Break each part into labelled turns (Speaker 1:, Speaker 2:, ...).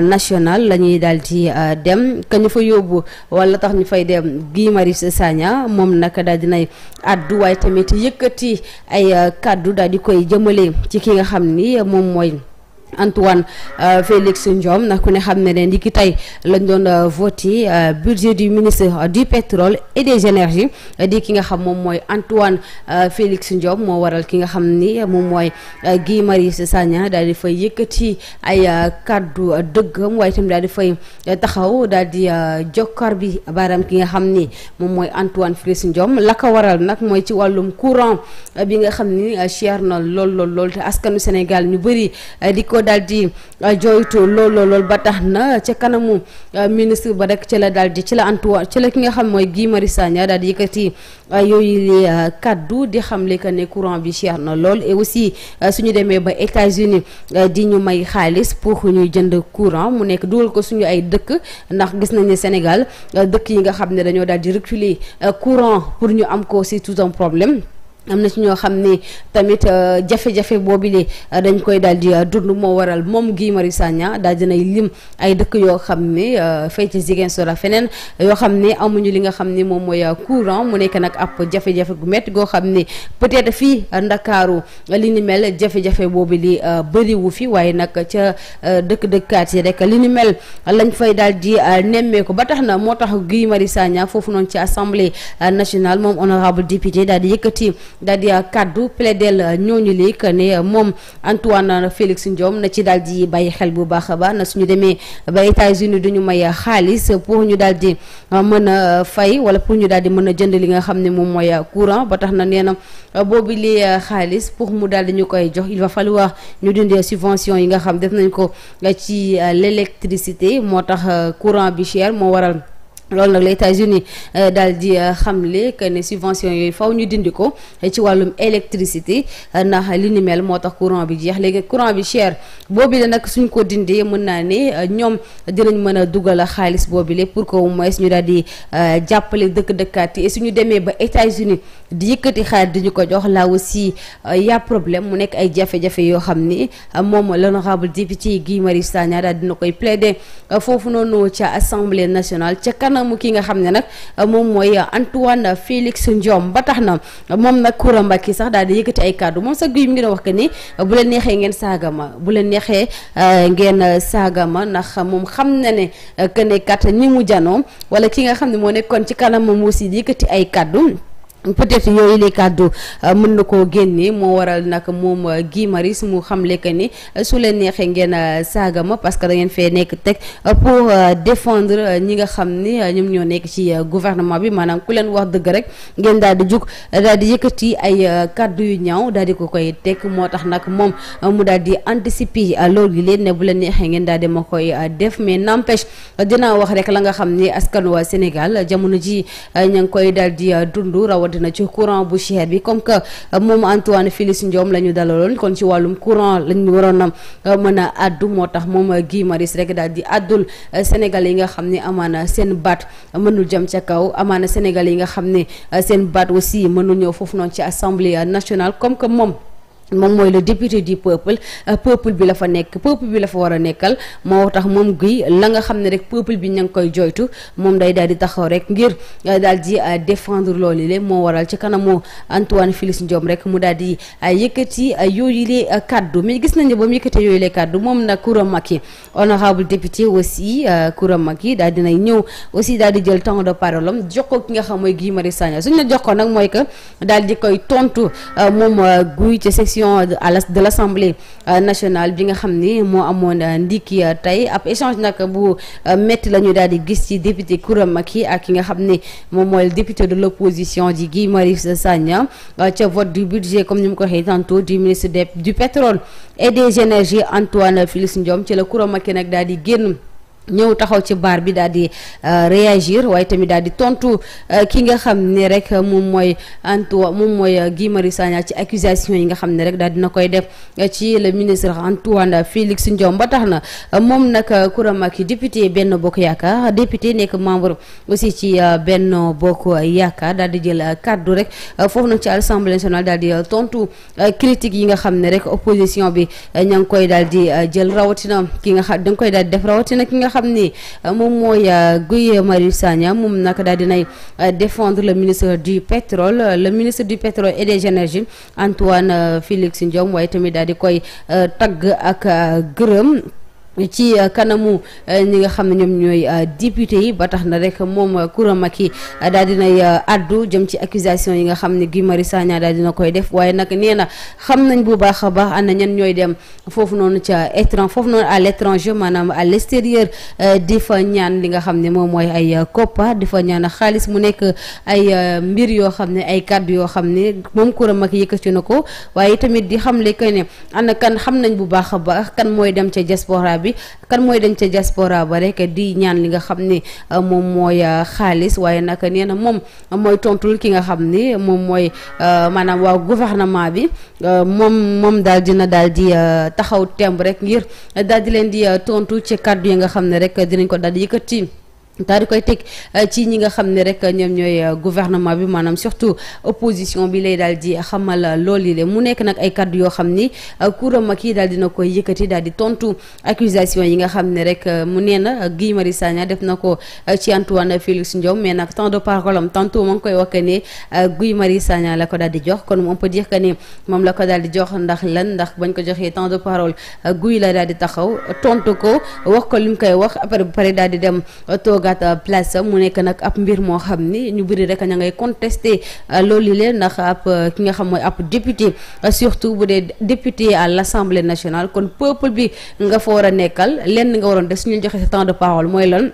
Speaker 1: nationale lañuy ñuy daal ci euh, dem kañu fa yóbbu wala tax ñu fay dem Guy Marius Sagna moom naka daal dinay àddu waaye tamit yëkkati ay euh, kàddu daal di koy jëmale ci ki nga xam ni moom mooy Antoine euh, Félix Ndiome nag ku ne xam ne ne ni ki tey lañ doon euh, voté euh, budget du ministre du pétrole et des énergies di ki nga xam moom mooy Antoine Félix Ndiome moo waral ki nga xam ni moom mooy Guy Marius Sagna daal di fay yëkkati ay kàddu dëggam waaye itam daal di fay taxaw daal di jokkar bi baaraam ki nga xam ni moom mooy Antoine Félix Ndiome la ko waral nag mooy ci wàllum courant bi nga xam ni cher na lool lool te askanu Sénégal ñu bëri di ko ko daal di euh, jooytu lool lool ba tax na ca kanamu euh, ministre ba rek ci la daal di ci la Antoine ci la ki nga xam mooy giimari Marius Sagna daal di yëkkati euh, yooyu li kaddu di xamle que ne courant bi cher na lool aussi suñu demee ba États-Unis di ñu may xaalis pour ñuy jënd courant mu nekk dugal ko suñu ay dëkk ndax gis nañu Sénégal dëkk yi nga xam ne dañoo daal di reculer courant pour ñu am ko c'est tout un problème am na ci ñoo xam ne tamit euh, jafe-jafe boobile euh, dañ koy daal di euh, dund moo waral moom gii mari Sagna daal dinay lim ay dëkk yoo xam ne fay ci Ziguinchor ak feneen yoo xam ne amuñu li nga xam ne moom mooy courant mu nekk nag ab jafe-jafe gu métti goo xam ne peut-être fii Ndakaaru li ni mel jafe-jafe boobu li bëriwu fii waaye nag ca dëkk-dëkkaat yi rek li nu mel lañ fay daal di nemmeeku ba tax na moo tax gii mari Sagna foofu noonu ci assemblée nationale moom honorable député daal di yëkkati daal euh, kàddu kaddu plaidel euh, ñooñu li que ne euh, moom Antoine Félix Ndiome na ci daal di bàyyi xel bu baax baax na suñu demee ba États-Unis duñu may xaalis pour ñu daal di mën a fay wala pour ñu daal di mën a jënd li nga xam ne moom mooy courant ba tax na nee na boobu li xaalis pour mu daal di ñu koy jox il va falloir ñu dundee subvention yi nga xam def nañ ko nga ci l'électricité moo tax courant bi cher moo waral loolu nag les États-Unis euh, daal di euh, xamle que ne subvention yooyu faw ñu dindi ko euh, ci wàllum électricité ndax li ni moo tax courant bi jeex léegi courant bi cher boobu la nag suñ ko dindee mën naa ni ñoom dinañ mën a dugal xaalis boobu la pour ko mooy moins ñu daal di jàppale dëkk-dëkkaat yi et suñu demee ba États-Unis di yëkkati xaalis di ko jox là aussi yàpp problème mu nekk ay jafe-jafe yoo xam ni moom l'honorable député Guy Marius Sagna daal dina koy plaider foofu noonu ca assemblée kanamu ki nga xam ne nag euh, moom mooy euh, Antoine Félix Ndiome ba tax na euh, moom nag Coura Mbacké sax dal di yëkkati ay kàddu moom sax guy mu ngi doon wax que ni bu leen neexee ngeen saaga ma bu leen neexee ngeen saaga ma ndax moom xam na ne que katt kat ni mu janoo wala ki nga xam ne moo nekkoon ci kanamam aussi di yëkkati ay kàddu. peut-être yooyu les kàddu euh, mën na koo génne moo waral nag moom euh, Guy Marius mu xamle que ni euh, su leen neexee ngeen saaga ma parce que da ngeen fee nekk teg pour défendre ñi nga xam ni ñoom ñoo nekk ci gouvernement bi maanaam ku leen wax dëgg rek ngeen daal di jug daal di yëkkati ay kàddu yu ñaaw daal di ko koy teg moo tax nag moom mu daal di anticiper loolu yi leen ne bu leen neexee ngeen daal di ma koy def mais n'empêche dinaa wax rek la nga xam ni askan waa Sénégal jamono ji ña ngi koy daal di dund rawatina rawatina ci courant bu cher bi comme que euh, moom Antoine Félix Ndiome la ñu dalaloon kon ci wàllum courant lañ waroon a euh, mën a addu moo tax moom euh, Guy Marius rek daal di addul Sénégal yi nga xam ne amaana seen baat mënul jëm ca kaw amaana Sénégal yi nga xam ne seen baat aussi mënul ñëw foofu noonu ci assemblée national comme que moom. moom mooy le député du peuple euh, peuple bi la fa nekk peuple bi la fa war a nekkal moo tax moom guy la nga xam ne rek peuple bi ña ngi koy joytu moom day daal di taxaw rek ngir euh, daal di euh, défendre loolu le moo waral ci kanamu Antoine Félix Diome rek mu daal di yëkkati yooyu le kaddu mais gis nañu ba mu yëkkati yooyu le kaddu moom nag Koura Macky honorable député aussi Koura yi daal dinay ñëw aussi daal di jël temps de parole am jox ko ki nga xam mooy Guy Marius Sagna suñ la jox ko nag mooy que session à la de l'Assemblée euh, nationale bi nga xam ni moo amoon euh, ndiki tey ab échange nag bu euh, métti la ñu daal di gis ci député Koura yi ak ki nga xam ni moom mooy député de l'opposition di Guy Marius Sagna ca vote du budget comme ni mu ko waxee tantôt du ministre du pétrole et des énergies Antoine Félix Diome ci la Koura Macky nag daal di génn ñëw taxaw ci baar bi daal di euh, réagir waaye tamit daal di tontu euh, ki nga xam ni rek moom mooy Antoine moom mooy euh, Guy Marius ci accusation yi nga xam ne rek daal dina koy def ci le ministre Antoine Félix Diome ba tax na moom nag Kouramaki député benn Bokk Yaakaar député nekk membre aussi ci benn Bokk Yaakaar daal di jël kaddu rek foofu nag ci assemblée nationale daal tontu critique yi nga xam ne rek opposition bi ña ngi koy daal di jël rawatina ki nga xam da koy daal xam ni euh, moom mooy euh, Guy Marius Sagna moom naka daal dinay euh, défendre le ministre du pétrole le ministre du pétrole et des énergies Antoine Félix Diome waaye tamit daal di koy tagg ak gërëm ci euh, kanamu ni euh, nga xam ne ñoom ñooy euh, député yi ba tax na rek moom Coura yi daal dinay addu jëm ci accusation yi nga xam ne Guy Marius Sagna dina koy def waaye nag nee na xam nañ bu baax a baax ana ñan ñooy dem foofu noonu ca étranger foofu noonu à l'étranger maanaam à l'extérieur di fa ñaan li nga xam ne moom mooy ay koppa di fa ñaan xaalis mu nekk ay mbir yoo xam ne ay kàddu yoo xam ne moom Coura Macky yëkkati na ko waaye tamit di xamle que ne ana kan xam nañ bu baax a baax kan mooy dem ca diaspora bi kan mooy dañ ca diaspora ba rek di ñaan li nga xam ne euh, moom mooy euh, xaalis waaye nag nee na moom mooy tontul ki nga xam ne moom mooy euh, maanaam waa gouvernement bi moom moom daal na daal di taxaw temb rek ngir daal di leen di tontu ci kàddu yi nga xam ne rek dinañ ko daal di yëkkati daal di koy teg euh, ci ñi nga xam ne rek ñoom ñooy euh, gouvernement bi maanaam surtout opposition bi lay daal di xamal lool yi le mu nekk nag ay kaddu yoo xam ni euh, kuréel mag yi daal dina koy yëkkati daal di tontu accusation yi nga xam ne rek mu nee na Guy Marius Sagna def na ko ci Antoine Félix Diome mais nag temps de parole am tantôt ma ngi koy wax ne Guy Marius Sagna la ko daal di jox kon on peut dire que ne la ko daal di jox ndax lan ndax bañ ko joxee temps de parole la daal di taxaw tontu ko ko li mu koy wax après bu pare daal di dem toogaat toogaat place am mu nekk nag ab mbir moo xam ni ñu bëri rek ña ngay contesté euh, loolu leen ndax ab euh, ki nga xam mooy ab député euh, surtout bu dee député à l' assemblée nationale kon peuple bi nga fa war a nekkal lenn nga waroon def suñu joxe sa temps de parole mooy lan.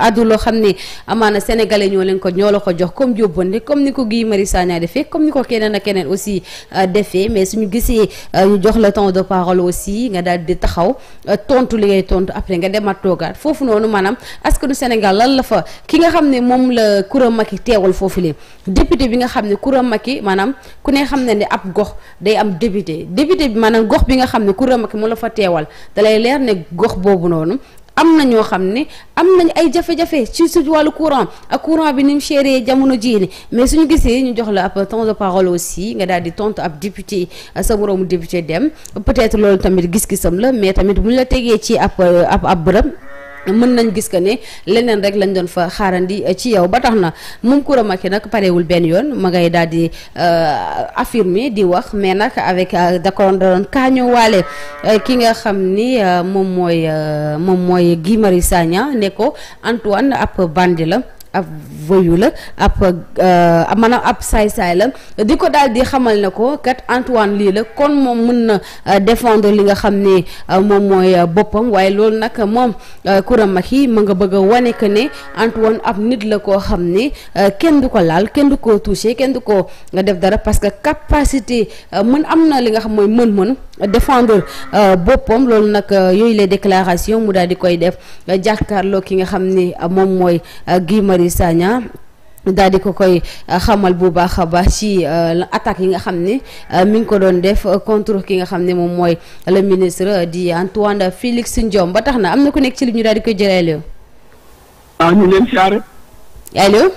Speaker 1: addu loo xam ne amaana sénégalais ñoo leen ko ñoo la ko jox comme jóbbande comme ni ko Guy Marius Sagna defee comme ni ko keneen a keneen aussi euh, defee mais suñu gisee euh, ñu jox la temps de parole aussi nga daal di taxaw euh, tontu li ngay tontu après nga demaat toogaat foofu noonu maanaam askanu Sénégal lan la fa ki nga xam ne moom la Coura Macky teewal foofu lee député bi nga xam ne Coura Macky maanaam ku ne xam ne ne ab gox day am député député bi maanaam gox bi nga xam ne Coura Macky mu la fa teewal dalay leer ne gox boobu noonu am na ñoo xam ne am nañ ay jafe-jafe ci su wàllu courant ak courant bi ni mu jamono jii ni mais ñu gisee ñu jox la ab temps de parole aussi nga daal di tontu ab député sa moroomu député dem peut-être loolu tamit gis-gisam la mais tamit bu ñu la tegee ci ab ab ab bërëb mën nañ gis que ne leneen rek lañ doon fa xaarandi eh, ci yow ba tax na moom Coura Macky nag pareewul benn yoon ma ngay daal di eh, affirmer di wax mais nag avec eh, da ko doon kaañoo waale ki nga xam ni moom mooy moom mooy gimari Marius Sagna ne ko Antoine ab bandi la ab voyou la ab euh, mana ab saay-saay la di ko daal di xamal ne ko kat Antoine lii la kon moom mën na euh, défendre li nga xam ne euh, moom mooy boppam waaye loolu nag moom Coura Macky ma nga bëgg a wane que ne Antoine ab nit la koo xam ne kenn du ko laal kenn du ko touché kenn du ko nga def dara parce que capacité mën am na li nga xam mooy mën-mën défendre euh, boppam loolu nag euh, yooyu les déclarations mu daal di koy def euh, jàkkaarloo ki nga xam ni moom mooy Guy Marius Sagna daal di ko koy xamal bu baax a baax ci attaques yi nga xam ne mi ngi ko doon def contre ki nga xam ne moom mooy le ministre di Antoine Félix Ndiome ba tax na am na ku nekk ci li ñu daal di koy jëlee ah, allo.